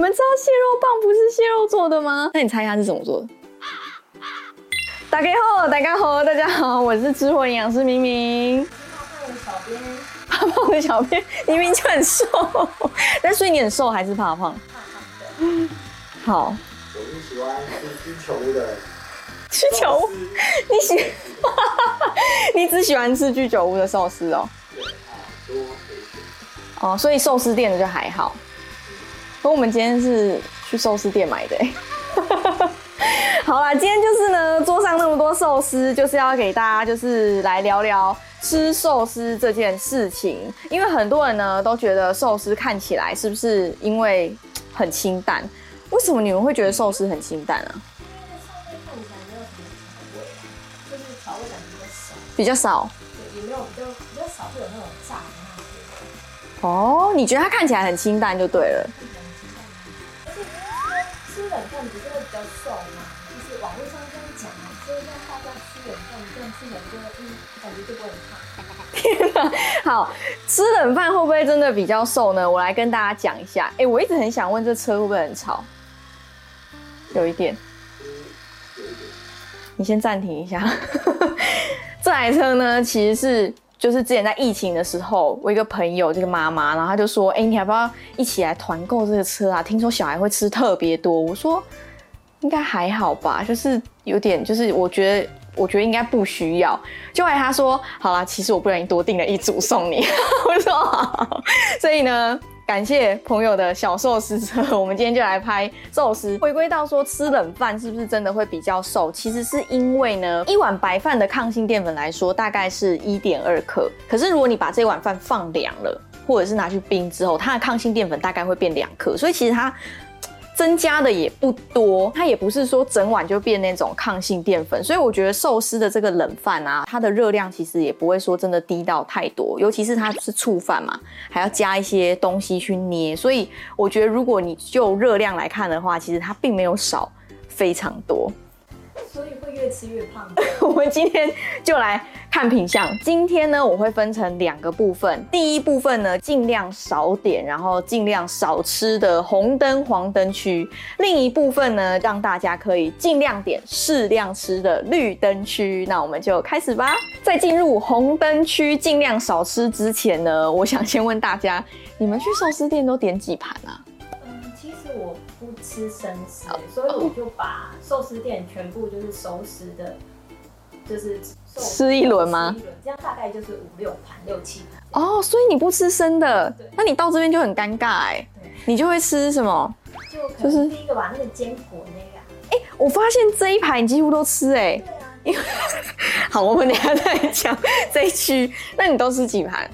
你們知道蟹肉棒不是蟹肉做的嗎？那你猜一下是怎麼做的？大家好，大家好，大家好，我是吃貨營養師明明。怕胖的小編，怕胖的小編，明明就很瘦。 但所以你很瘦還是怕胖？怕胖的。好。我是喜歡吃居酒屋的。居酒屋？你喜？你只喜歡吃居酒屋的壽司哦、喔。對，好多水水。哦，所以壽司店的就還好。不過我們今天是去壽司店買的。 好啦，今天就是呢，桌上那麼多壽司，就是要給大家就是來聊聊吃壽司這件事情。因為很多人呢都覺得壽司看起來是不是因為很清淡？為什麼你們會覺得壽司很清淡啊？因為上面看起來沒有什麼味，就是調味感比較少。比較少？對，也沒有比較比較少，會有那種炸的那些哦，你覺得它看起來很清淡就對了。就是網絡上這樣講啊，所以讓大家吃冷飯，這樣吃冷飯，嗯，感覺就不會胖。哈哈哈哈天哪，好吃冷飯會不會真的比較瘦呢？我來跟大家講一下。哎、欸，我一直很想問，這車會不會很吵？有一點。嗯嗯、你先暫停一下。 這台車呢，其實是就是之前在疫情的時候，我一個朋友這個媽媽，然後她就說，哎、欸，你要不要一起來團購這個車啊？聽說小孩會吃特別多。我說。應該還好吧，就是有點，就是我覺得，我覺得應該不需要。就來他說，好啦，其實我不小心多訂了一組送你， 我說好。所以呢，感謝朋友的小壽司車，我們今天就來拍壽司。回歸到說吃冷飯是不是真的會比較瘦？其實是因為呢，一碗白飯的抗性澱粉來說，大概是一點二克。可是如果你把這碗飯放涼了，或者是拿去冰之後，它的抗性澱粉大概會變兩克。所以其實它。增加的也不多，它也不是說整碗就變那種抗性澱粉，所以我覺得壽司的這個冷飯啊，它的熱量其實也不會說真的低到太多，尤其是它是醋飯嘛，還要加一些東西去捏，所以我覺得如果你就熱量來看的話，其實它並沒有少非常多。所以會越吃越胖。 我們今天就來看品項。今天呢，我會分成兩個部分。第一部分呢，盡量少點，然後盡量少吃的紅燈黃燈區；另一部分呢，讓大家可以盡量點、適量吃的綠燈區。那我們就開始吧。在進入紅燈區盡量少吃之前呢，我想先問大家：你們去壽司店都點幾盤啊？吃生食，哦、所以我就把壽司店全部就是熟食的，就是吃一輪嗎？一輪這樣大概就是五六盤、六七盤。哦，所以你不吃生的，對那你到這邊就很尷尬哎、欸。對你就會吃什麼？就是第一個吧，就是、那個堅果那個。哎、欸，我發現這一盤你幾乎都吃哎、欸。對啊，因為 好，我們等一下再講這一區。那你都吃幾盤？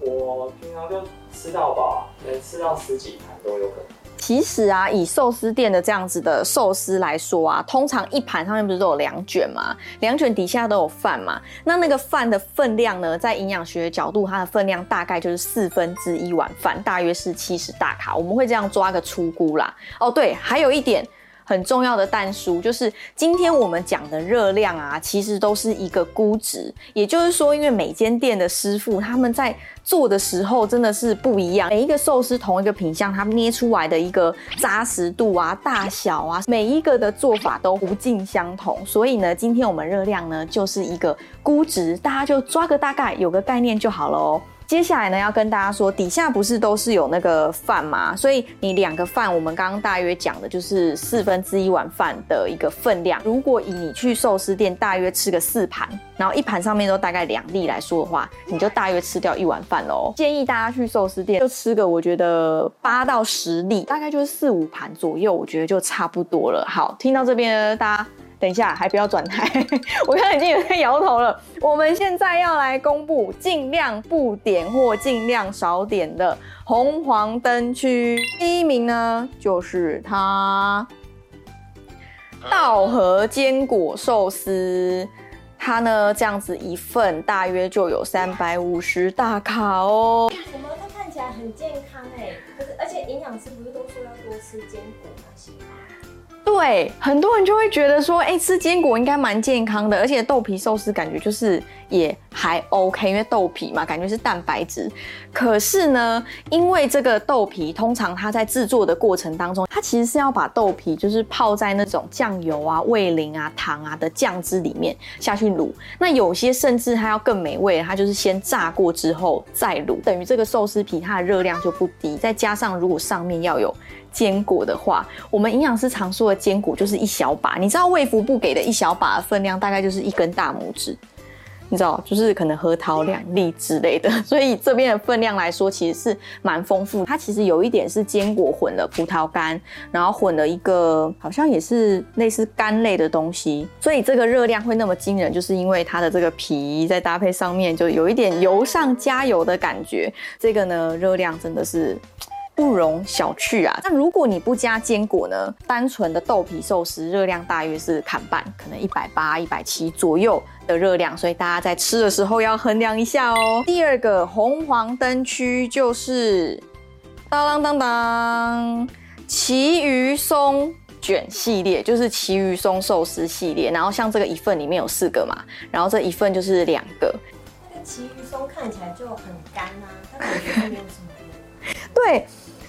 我平常就吃到飽，能吃到十幾盤都有可能。其實啊，以壽司店的這樣子的壽司來說啊，通常一盤上面不是都有兩捲嗎？兩捲底下都有飯嘛。那那個飯的分量呢，在營養學的角度，它的分量大概就是四分之一碗飯，大約是七十大卡。我們會這樣抓個粗估啦。哦，對，還有一點。很重要的但書就是今天我們講的熱量啊，其實都是一個估值。也就是說，因為每間店的師傅他們在做的時候真的是不一樣，每一個壽司同一個品項，它捏出來的一個扎實度啊、大小啊，每一個的做法都不盡相同。所以呢，今天我們熱量呢就是一個估值，大家就抓個大概，有個概念就好了哦。接下來呢，要跟大家說，底下不是都是有那個飯嗎？所以你兩個飯，我們剛剛大約講的就是四分之一碗飯的一個分量。如果以你去壽司店大約吃個四盤，然後一盤上面都大概兩粒來說的話，你就大約吃掉一碗飯嘍。建議大家去壽司店就吃個，我覺得八到十粒，大概就是四五盤左右，我覺得就差不多了。好，聽到這邊大家。等一下，還不要轉台， 我剛剛已經有在搖頭了。我們現在要來公布盡量不點或盡量少點的紅黃燈區，第一名呢就是它，稻荷堅果壽司。它呢這樣子一份大約就有三百五十大卡哦、喔。什麼？它看起來很健康哎、欸，可是而且營養師不是都說要多吃堅果那些嗎？對，很多人就會覺得說，哎、欸，吃堅果應該蠻健康的，而且豆皮壽司感覺就是也。還 OK，因為豆皮嘛，感覺是蛋白質。可是呢，因為這個豆皮，通常它在制作的過程當中，它其實是要把豆皮就是泡在那種醬油啊、味淋啊、糖啊的醬汁裡面下去滷。那有些甚至它要更美味，它就是先炸過之後再滷。等於這個壽司皮它的熱量就不低，再加上如果上面要有堅果的話，我們營養師常說的堅果就是一小把。你知道衛福部給的一小把的分量大概就是一根大拇指。你知道，就是可能核桃兩粒之類的，所以，以這邊的分量來說其實是蠻豐富。它其實有一點是堅果混了葡萄乾，然後混了一個好像也是類似乾類的東西，所以這個熱量會那麼驚人，就是因為它的這個皮在搭配上面就有一點油上加油的感覺。這個呢，熱量真的是。不容小覷啊！那如果你不加堅果呢？單純的豆皮壽司熱量大約是砍半，可能一百八、一百七左右的熱量，所以大家在吃的時候要衡量一下哦。第二個紅黃燈區就是當當當當，旗魚鬆捲系列，就是旗魚鬆壽司系列。然後像這個一份裡面有四個嘛，然後這一份就是兩個。那個旗魚鬆看起來就很乾啊，它裡面有什麼？ 對，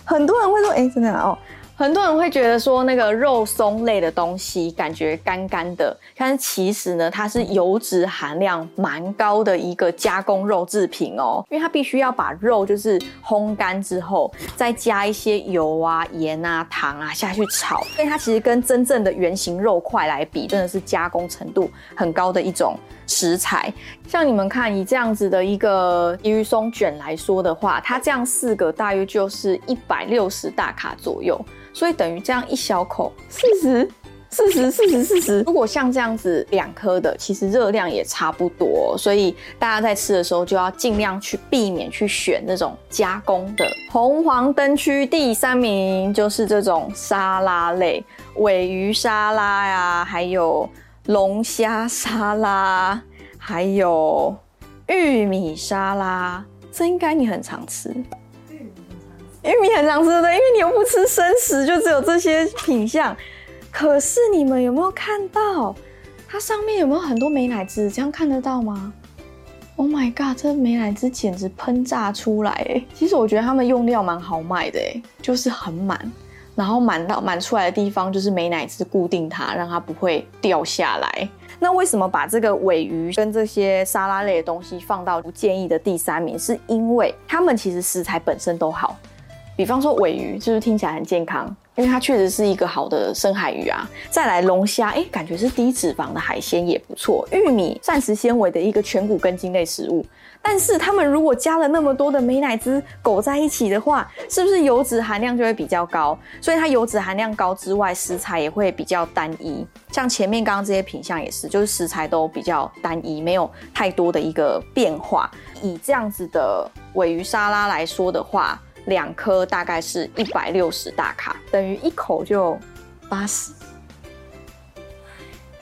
很多人會說，哎，真的哦，很多人會覺得說那個肉鬆類的東西感覺乾乾的，但是其實呢，它是油脂含量蠻高的一個加工肉製品哦，因為它必須要把肉就是烘乾之後，再加一些油啊、鹽啊、糖啊下去炒，所以它其實跟真正的原型肉塊來比，真的是加工程度很高的一種。食材，像你們看，以這樣子的一個魚鬆卷來說的話，它這樣四個大約就是一百六十大卡左右，所以等於這樣一小口四十、四十、四十、四十。 如果像這樣子兩顆的，其實熱量也差不多，所以大家在吃的時候就要盡量去避免去選那種加工的。紅黃燈區第三名就是這種沙拉類，鮪魚沙拉呀、啊，還有。龍蝦沙拉，還有玉米沙拉，這應該你很常吃。玉米很常吃，很常吃對，因為你又不吃生食，就只有這些品項。可是你們有沒有看到，它上面有沒有很多美乃滋？這樣看得到嗎？Oh my god，這美乃滋簡直噴炸出來！其實我覺得他們用料蠻豪邁的，就是很滿。然後滿到滿出來的地方就是美乃滋固定它，讓它不會掉下來。那為什麼把這個鮪魚跟這些沙拉類的東西放到不建議的第三名？是因為它們其實食材本身都好，比方說鮪魚，就是聽起來很健康。因為它確實是一個好的深海魚啊，再來龍蝦，誒、欸、感覺是低脂肪的海鮮也不錯。玉米膳食纖維的一個全穀根莖類食物，但是它們如果加了那麼多的美乃滋，勾在一起的話，是不是油脂含量就會比較高？所以它油脂含量高之外，食材也會比較單一。像前面剛剛這些品項也是，就是食材都比較單一，沒有太多的一個變化。以這樣子的鮪魚沙拉來說的話。兩顆大概是一百六十大卡，等於一口就八十。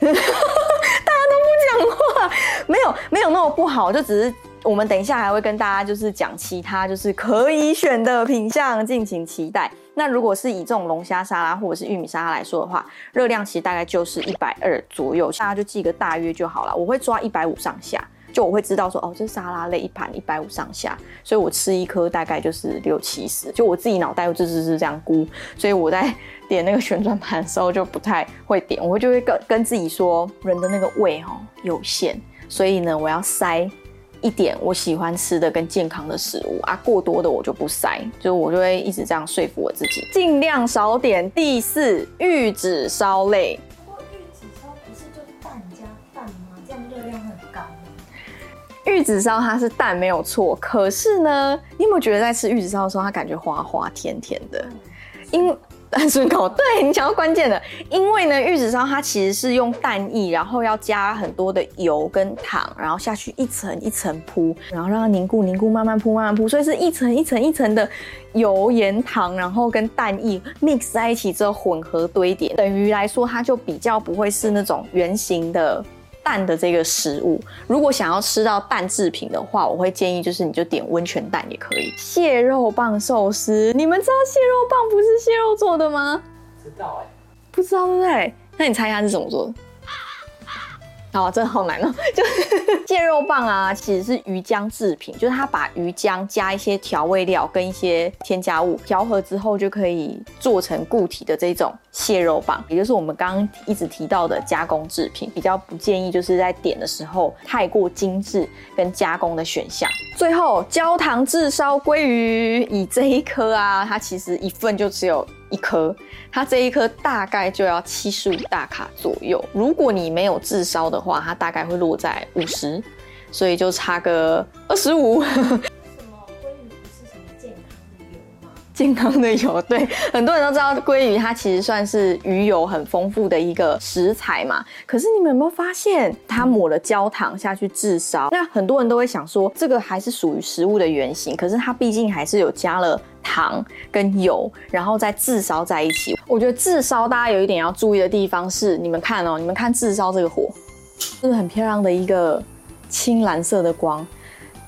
大家都不講話，沒有沒有那麼不好，就只是我們等一下還會跟大家就是講其他就是可以選的品項，敬請期待。那如果是以這種龍蝦沙拉或者是玉米沙拉來說的話，熱量其實大概就是一百二左右，大家就記個大約就好了。我會抓一百五上下。就我會知道說，哦，這是沙拉類一盤一百五上下，所以我吃一顆大概就是六七十，就我自己腦袋就只是這樣估，所以我在點那個旋轉盤的時候就不太會點，我就會跟跟自己說，人的那個胃哦有限，所以呢，我要塞一點我喜歡吃的跟健康的食物啊，過多的我就不塞，就我就會一直這樣說服我自己，盡量少點。第四，玉子燒類。玉子燒它是蛋沒有錯，可是呢，你有沒有覺得在吃玉子燒的時候，它感覺滑滑甜甜的？嗯、因很順口，對，你講到關鍵的，因為呢，玉子燒它其實是用蛋液，然後要加很多的油跟糖，然後下去一層一層鋪，然後讓它凝固凝固，慢慢鋪慢慢鋪，所以是一層一層一層的油鹽糖，然後跟蛋液 mix 在一起之後混合堆疊，等於來說它就比較不會是那種圓形的。蛋的這個食物，如果想要吃到蛋製品的話，我會建議就是你就點溫泉蛋也可以。蟹肉棒壽司，你們知道蟹肉棒不是蟹肉做的嗎？知道哎、欸，不知道對不對？那你猜一下是怎麼做的？啊、哦，真的好難哦！就是蟹肉棒啊，其實是魚漿製品，就是它把魚漿加一些調味料跟一些添加物調和之後，就可以做成固體的這種蟹肉棒，也就是我們剛剛一直提到的加工製品。比較不建議就是在點的時候太過精緻跟加工的選項。最後焦糖炙燒鮭魚，以這一顆啊，它其實一份就只有。一顆，它這一顆大概就要七十五大卡左右。如果你沒有炙燒的話，它大概會落在五十，所以就差個二十五。 健康的油，對，很多人都知道，鮭魚它其實算是魚油很豐富的一個食材嘛。可是你們有沒有發現，它抹了焦糖下去炙燒？那很多人都會想說，這個還是屬於食物的原型。可是它畢竟還是有加了糖跟油，然後再炙燒在一起。我覺得炙燒大家有一點要注意的地方是，你們看哦、喔，你們看炙燒這個火，是很漂亮的一個青藍色的光。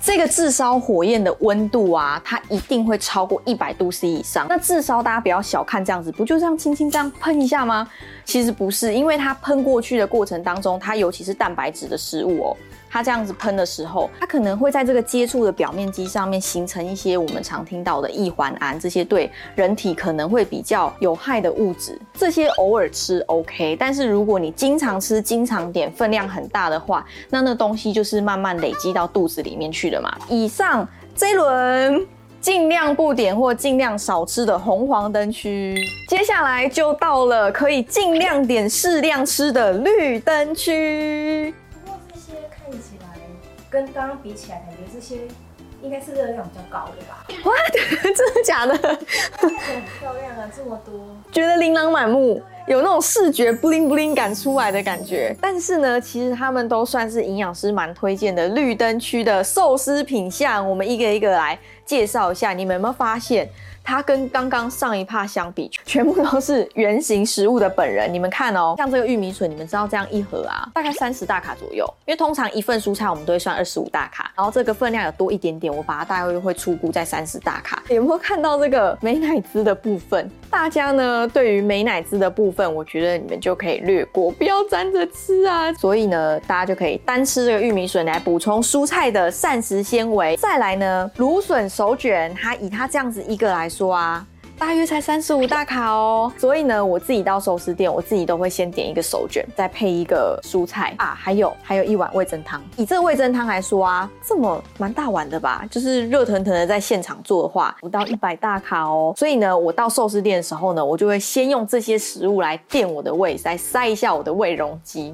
這個炙燒火焰的溫度啊，它一定會超過一百度 C 以上。那炙燒大家不要小看，這樣子不就這樣輕輕這樣噴一下嗎？其實不是，因為它噴過去的過程當中，它尤其是蛋白質的食物哦，它這樣子噴的時候，它可能會在這個接觸的表面積上面形成一些我們常聽到的異環胺，這些對人體可能會比較有害的物質。這些偶爾吃 OK，但是如果你經常吃、經常點、分量很大的話，那那東西就是慢慢累積到肚子裡面去的嘛。以上這一輪。盡量不點或盡量少吃的紅黃燈區，接下來就到了可以盡量點適量吃的綠燈區。不過這些看起來跟剛剛比起來，感覺這些應該是熱量比較高的吧？哇，What? 真的假的？ 很漂亮啊，這麼多，覺得琳琅滿目。有那種視覺 bling bling 感出來的感覺，但是呢，其實他們都算是營養師蠻推薦的綠燈區的壽司品項。我們一個一個來介紹一下，你們有沒有發現，它跟剛剛上一趴相比，全部都是原型食物的本人。你們看哦，像這個玉米筍，你們知道這樣一盒啊，大概三十大卡左右，因為通常一份蔬菜我們都會算二十五大卡，然後這個分量有多一點點，我把它大概會粗估在三十大卡。有沒有看到這個美乃滋的部分？大家呢，對於美乃滋的部分，我覺得你們就可以略過，不要沾着吃啊。所以呢，大家就可以單吃這個玉米筍來補充蔬菜的膳食纖維。再來呢，蘆筍手卷，它以它這樣子一個來說啊。大約才三十五大卡哦，所以呢，我自己到壽司店，我自己都會先點一個手卷，再配一個蔬菜啊，還有還有一碗味噌湯。以這個味噌湯來說啊，這麼蠻大碗的吧，就是熱騰騰的在現場做的話，不到一百大卡哦。所以呢，我到壽司店的時候呢，我就會先用這些食物來墊我的胃，再塞一下我的胃容積。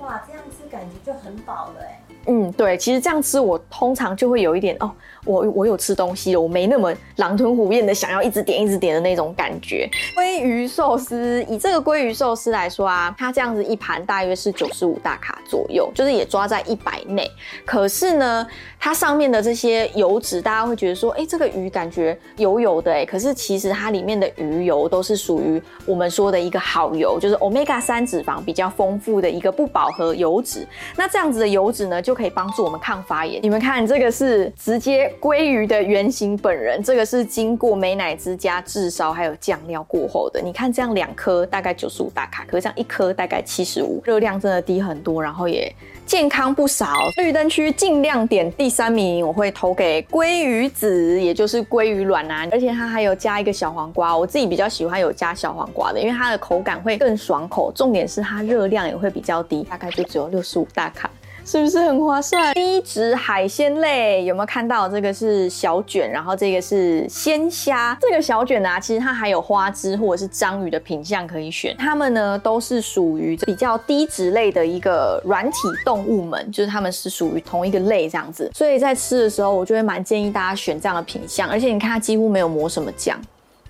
哇，這樣吃感覺就很飽了哎。嗯，對，其實這樣吃我通常就會有一點哦。我我有吃東西了，我沒那麼狼吞虎咽的，想要一直點一直點的那種感覺。鮭魚壽司，以這個鮭魚壽司來說啊，它這樣子一盤大約是九十五大卡左右，就是也抓在一百內。可是呢，它上面的這些油脂，大家會覺得說，哎，這個魚感覺油油的誒，可是其實它裡面的魚油都是屬於我們說的一個好油，就是 omega 三脂肪比較豐富的一個不飽和油脂。那這樣子的油脂呢，就可以幫助我們抗發炎。你們看這個是直接。鮭魚的原型本人，這個是經過美乃滋加炙燒還有醬料過後的。你看這樣兩顆大概九十五大卡，可是這樣一顆大概七十五，熱量真的低很多，然後也健康不少。綠燈區盡量點，第三名我會投給鮭魚子，也就是鮭魚卵啊，而且它還有加一個小黃瓜。我自己比較喜歡有加小黃瓜的，因為它的口感會更爽口，重點是它熱量也會比較低，大概就只有六十五大卡。是不是很划算？低脂海鮮類有沒有看到？這個是小卷，然後這個是鮮蝦。這個小卷呢、啊，其實它還有花枝或者是章魚的品項可以選。它們呢都是屬於比較低脂類的一個軟體動物門，就是它們是屬於同一個類這樣子。所以在吃的時候，我就會蠻建議大家選這樣的品項。而且你看，它幾乎沒有抹什麼醬，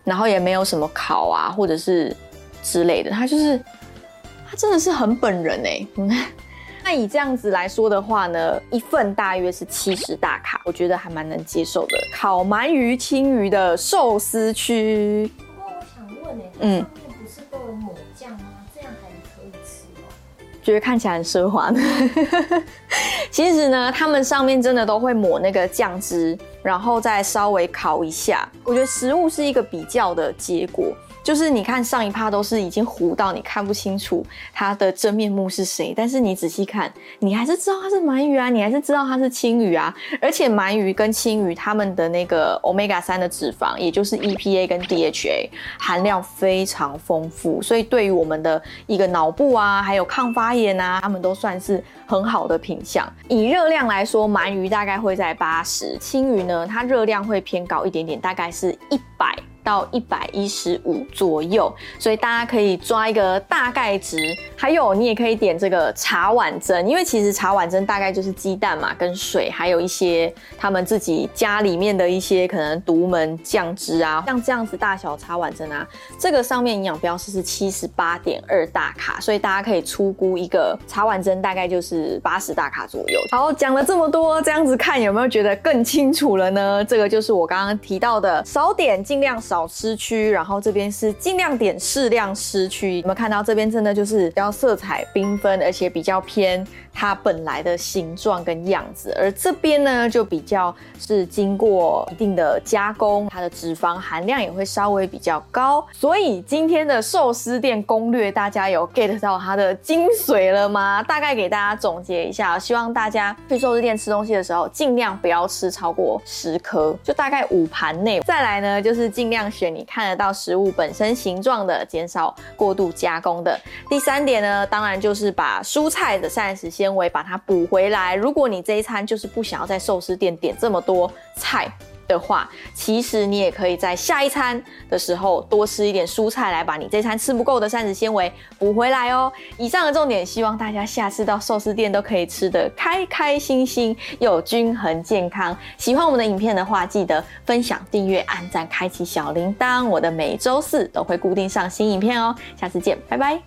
然後也沒有什麼烤啊或者是之類的，它就是它真的是很本人呢、欸。那以這樣子來說的話呢，一份大約是七十大卡，我覺得還蠻能接受的。烤鰻魚、青魚的壽司區。不過我想問呢，嗯，上面不是都有抹醬嗎？這樣還可以吃嗎？覺得看起來很奢華呢。其實呢，他們上面真的都會抹那個醬汁，然後再稍微烤一下。我覺得食物是一個比較的結果。就是你看上一趴都是已經糊到你看不清楚它的真面目是誰，但是你仔細看，你還是知道它是鰻魚啊，你還是知道它是青魚啊。而且鰻魚跟青魚它們的那個 omega 三的脂肪，也就是 EPA 跟 DHA 含量非常豐富，所以對於我們的一個腦部啊，還有抗發炎啊，他們都算是很好的品項。以熱量來說，鰻魚大概會在八十，青魚呢它熱量會偏高一點點，大概是一百。1 到一百一十五左右，所以大家可以抓一個大概值。還有，你也可以點這個茶碗蒸，因為其實茶碗蒸大概就是雞蛋嘛，跟水，還有一些他們自己家裡面的一些可能獨門醬汁啊，像這樣子大小茶碗蒸啊，這個上面營養標示是七十八點二大卡，所以大家可以粗估一個茶碗蒸大概就是八十大卡左右。好，講了這麼多，這樣子看有沒有覺得更清楚了呢？這個就是我剛剛提到的，少點，盡量少。保濕區，然後這邊是盡量點適量吃區。你們看到這邊真的就是比較色彩繽紛，而且比較偏它本來的形狀跟樣子。而這邊呢，就比較是經過一定的加工，它的脂肪含量也會稍微比較高。所以今天的壽司店攻略，大家有 get 到它的精髓了嗎？大概給大家總結一下，希望大家去壽司店吃東西的時候，盡量不要吃超過十顆，就大概五盤內。再來呢，就是盡量。選你看得到食物本身形狀的，減少過度加工的。第三點呢，當然就是把蔬菜的膳食纖維把它補回來。如果你這一餐就是不想要在壽司店點這麼多菜。的話，其實你也可以在下一餐的時候多吃一點蔬菜，來把你這餐吃不夠的膳食纖維補回來哦。以上的重點，希望大家下次到壽司店都可以吃得開開心心又均衡健康。喜歡我們的影片的話，記得分享、訂閱、按讚、開啟小鈴鐺。我的每周四都會固定上新影片哦，下次見，拜拜。